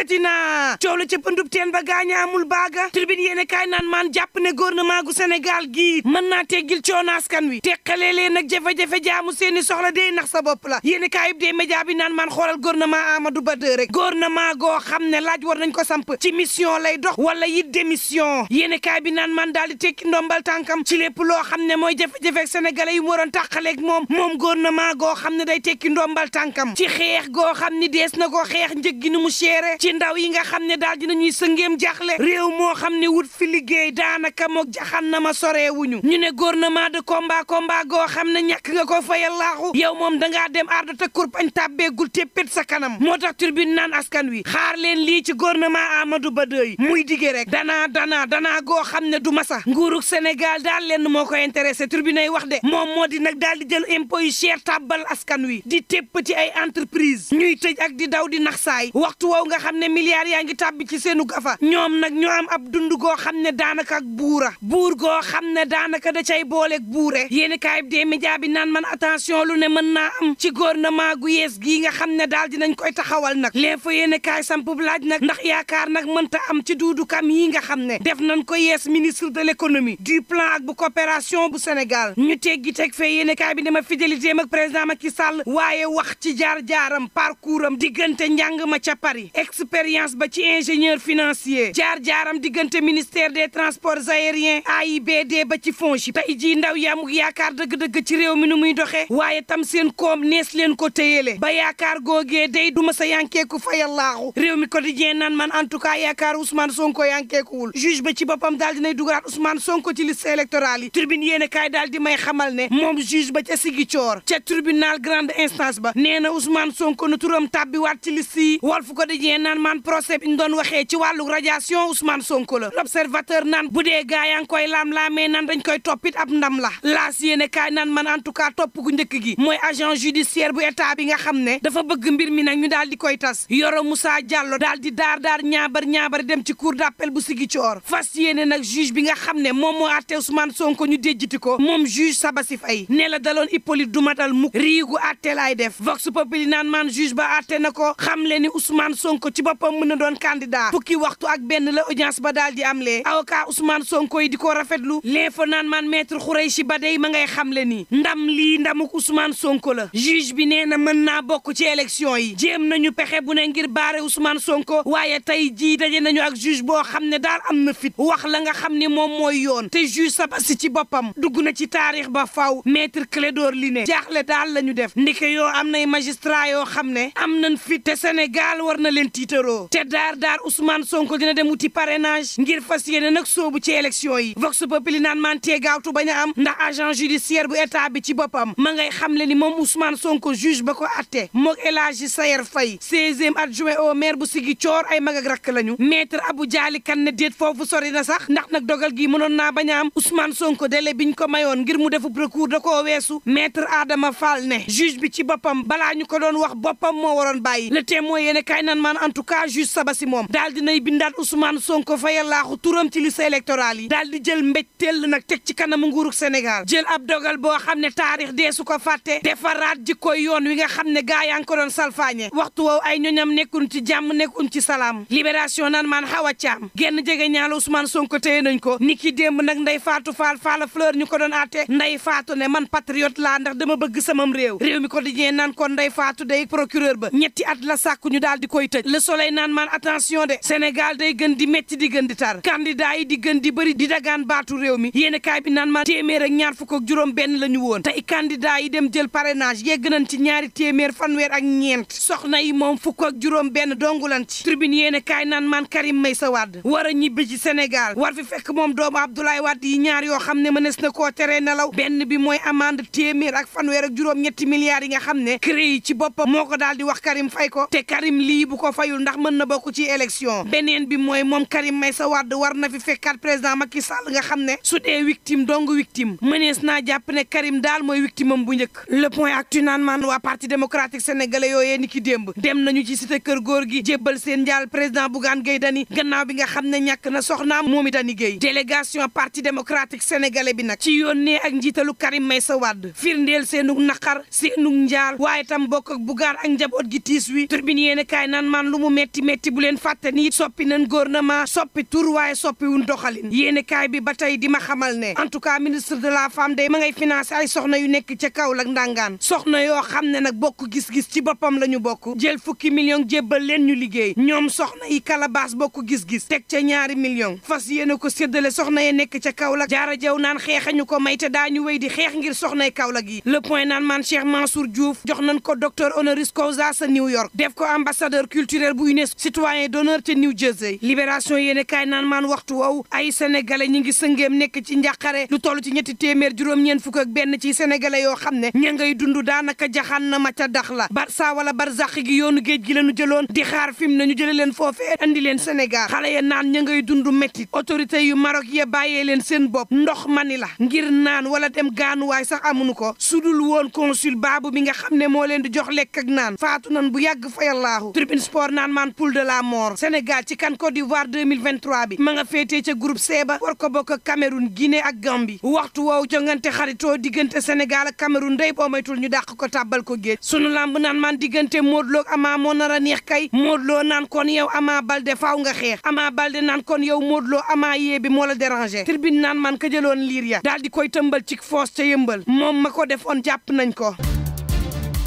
yëkkati na coow la ca pëndub teen ba gaañaamul baaga tribune yéene kaay naan maan jàpp ne gouvernement gu senegal gii mën naa teggil coono kan wi teqalee leen nag jafe-jafe jaamu seeni soxla dee nax sa bopp la yéene kaay yib dee média bi naan maan xoolal gouvernement Amadou Ba de rek gouvernement goo xam ne laaj war nañ ko samp ci mission lay dox wala it démission yéene kaay bi naan maan daal di tekki ndombal tànkam ci lépp loo xam ne mooy jafe-jafe sénégalais yu mu waroon tàqaleeg moom moom gouvernement goo xam ne day tekki ndombal tànkam ci xeex goo xam ni dees na ko xeex njëg gi ni mu ci ndaw yi nga xam ne daal dinañuy sëngeem jaxle réew moo xam ne wut fi liggéey daanaka moog jaxannama soree wuñu ñu ne gouvernement de combat combat goo xam ne ñàkk nga ko fayal laaxu yow moom dangaa dem ardo te kurpañ tàbbeegul téppét sa kanam moo tax tribune naan askan wi xaar leen lii ci gouvernement Amadou Ba dey muy digee rek danaa danaa danaa goo xam ne du masa nguurug Sénégal daal leen moo ko intéressé tribune ay wax de moom moo di nag daal di jël impôt yu cher tàbbal askan wi di téppati ay entreprise ñuy tëj ak di daw di naxsaay waxtu woow nga xam ne milliards yaa ngi tàbbi ci seenu gafa ñoom nag ñu am ab dund goo xam ne daanaka ak buura buur goo xam ne daanaka da cay booleeg buure yéen kaay bi dee bi naan man attention lu ne mën naa am ci gouvernement gu yees gii nga xam ne daal dinañ koy taxawal nag l'info yéen kaay sampub laaj nag ndax yaakaar nag mënta am ci duudu kam yi nga xam ne def nañ ko yees ministre de l'économie du plan ak bu coopération bu Sénégal ñu teggi teg fee yéen kaay bi dama fidélité ak président Macky Sall waaye wax ci jaar jaaram parcours am diggante njàng ma ca Paris expérience ba ci ingénieur financier jaar-jaaram diggante ministère des transports aériens AIBD ba ci FONGIP jii ndaw yi yaakaar dëgg-dëgg ci réew mi nu muy doxee waaye tam seen koom nees leen ko téyele ba yaakaar googee day duma sa yankeeku fayallaahu réew mi quotidien naan man en tout cas yaakaar Ousmane Sonko yankeekuwul juge ba ci boppam daal dinay dugaat Ousmane Sonko ci liste électorale yi tribune yéen kaay daal di may xamal ne moom juge ba ca Ziguinchor ca tribunal grande instance ba nee na Ousmane Sonko nu turam tàbbiwaat ci liste yi Walf Quotidien naan maan procès bi ñu doon waxee ci wàllu radiation Ousmane Sonko la l'observateur naan bu dee gaa yaa ngi koy laam-laamee naan dañ koy toppit ab ndam la laas yéene kaay naan man en tout cas topp gu njëkk gi mooy agent judiciaire bu état bi nga xam ne dafa bëgg mbir mi nag ñu daal di koy tas yoro Moussa jàllo daal di daar daar ñaabar ñaabar dem ci cour d'appel bu Ziguinchor fas yéene nag juge bi nga xam ne moom moo àtte Ousmane Sonko ñu déjjiti ko moom juge Sabassi Faye ne la daloon Hippolyte du matal mukk riigu àtte laay def Vox Populi naan man ko xam le ni ci boppam mën na doon candidat fukki waxtu ak benn la audience ba daal di am lee avocat Ousmane Sonko yi di ko rafetlu l'info naan man maître Khoureychi ba dey ma ngay xam xamle ni ndam lii ndamuk Ousmane Sonko la juge bi nee na mën naa bokk ci élection yi jéem nañu pexe bu ne ngir baare Ousmane Sonko waaye tey jii daje nañu ak juge boo xam ne daal am na fit wax la nga xam ne moom mooy yoon te juge Sabassy ci boppam dugg na ci taarix ba faw maître Clédor li ne jaaxle daal la ñu def ndike yoo am nay magistrat yoo xam ne am nañ fit te war na leen tiit tiitaroo te daar daar Ousmane Sonko dina dem wuti parrainage ngir fas yéene nag soobu ci élection yi vox populi naan man tee gaawtu bañ a am ndax agent judiciaire bu état bi ci boppam ma ngay xamle ni moom Ousmane Sonko juge ba ko atte moog El Hadji fay Faye seizième adjoint au maire bu sigi coor ay mag ak rakk lañu maître Abou jaali kan ne déet foofu sori na sax ndax nag dogal gi mënoon naa bañ a am Ousmane Sonko délai biñ ko mayoon ngir mu defu recours da koo weesu maître Adama Fall ne bi ci boppam balaa ñu ko doon wax boppam moo waroon bàyyi le témoin tout cas juge si moom daal dinay bindaat Ousmane Sonko fayal laaxu turam ci liste électorale yi daal di jël mbéjteel nag teg ci kanamu nguurug Sénégal jël ab dogal boo xam ne taarix dee su ko fàtte defaraat jikkoy yoon wi nga xam ne gaa yaa ngi ko doon salfaañe waxtu woowu ay ñoñam nekkuñ ci jàmm nekkuñ ci salaam libération naan maan xaw a caam genn jege ñaala Ousmane Sonko téye nañ ko ni ki démb nag nday faatu faal faala fleur ñu ko doon àtte nday faatu ne man patriote laa ndax dama bëgg samam réew réew mi ko kon nday faatu day procureur ba ñetti at la sàkku daal di koy soleil naan man attention de Sénégal day gën di métti di gën di tar candidat yi di gën di bëri di dagaan baatu réew mi yéen kaay bi naan maan téeméer ak ñaar fukk ak juróom benn la ñu woon tey candidat yi dem jël parrainage yegg nañ ci ñaari téeméer fanweer ak ñeent soxna yi moom fukk ak juróom benn dongu lan ci tribune yéen kaay naan maan Karim Meïssa Wade war a ñibbi ci Sénégal war fi fekk moom doomu Abdoulaye Wade yi ñaar yoo xam ne mënees na koo tere nelaw benn bi mooy amande téeméer ak fanweer ak juróom ñetti milliards yi nga xam ne CREI ci boppam moo ko daal di wax Karim fay ko te Karim ndax mën na bokk ci élection beneen bi mooy moom Karim Meïssa Wade war na fi fekkaat président Macky Sall nga xam ne su dee victime dong victime mënees naa jàpp ne Karim daal mooy victime am bu njëkk le point actu naan man waa parti démocratique sénégalais yooyee ni ki démb dem nañu ci cité kër góor gi jébbal seen njaal président Bougane Gueye Dany gannaaw bi nga xam ne ñàkk na soxnaam moomi Dany Gueye délégation parti démocratique sénégalais bi nag ci yónnee ak njiitalu Karim Meïssa Wade firndeel seenug naqar seenug njaal waaye tam bokk ak Bougane ak njaboot gi tiis metti métti bu leen fàtte nii soppi nan gouvernement soppi tur waaye soppi wuñ doxalin yéenekaay bi ba tey di ma xamal ne en tout cas ministre de la femme day ma ngay financé ay soxna yu nekk ca Kaolack ndàngaan soxna yoo xam ne nag bokk gis-gis ci boppam la ñu bokk jël fukki million jébbal leen ñu liggéey ñoom soxna yi kalabaas bokk gis-gis teg ca ñaari million fas yéene ko séddale soxna yi nekk ca Kaolack jaara jaw naan xeexañu ko may te daañu wéy di xeex ngir soxnay Kaolack yi le point naan man Cheikh Mansour Diouf jox nañ ko docteur honoris causa sa New York def ko ambassadeur culturel kuréel bu UNESCO citoyen d'honneur te New Jersey libération yéene kaay naan maan waxtu woowu ay sénégalais ñi ngi sëngeem nekk ci njàqare lu toll ci ñetti téeméer juróom-ñeent fukk ak benn ci sénégalais yoo xam ne ña ngay dund daanaka jaxaan na ma ca dax la barsa wala barzaq gi yoonu géej gi lañu jëloon di xaar fim na ñu jële leen foofee andi leen Sénégal xale ya naan ña ngay dund méttit autorité yu marok ya bàyyee leen seen bopp ndox ni la ngir naan wala dem gaanuwaay sax amuñu ko sudul woon consul baabu mi nga xam ne moo leen di jox lekk naan nan bu yàgg fayallaahu naan man poule de la mort Sénégal ci kan Côte d'Ivoire 2023 bi ma nga féetee ca groupe C ba war ko bokk ak Cameroun Guinée ak Gambie waxtu woowu jongante xaritoo diggante Sénégal ak Cameroun ndey boo maytul ñu dàq ko tàbbal ko géej sunu lamb naan man diggante Modou Lo ak Ama moo nar a neex kay Modou Lo naan kon yow Ama Balde faaw nga xeex Ama Balde naan kon yow Modou Lo Ama yee bi moo la déranger tribune naan man ka jëloon liir ya daal di koy tëmbal ci foos ca yëmbal moom ma ko defoon jàpp nañ ko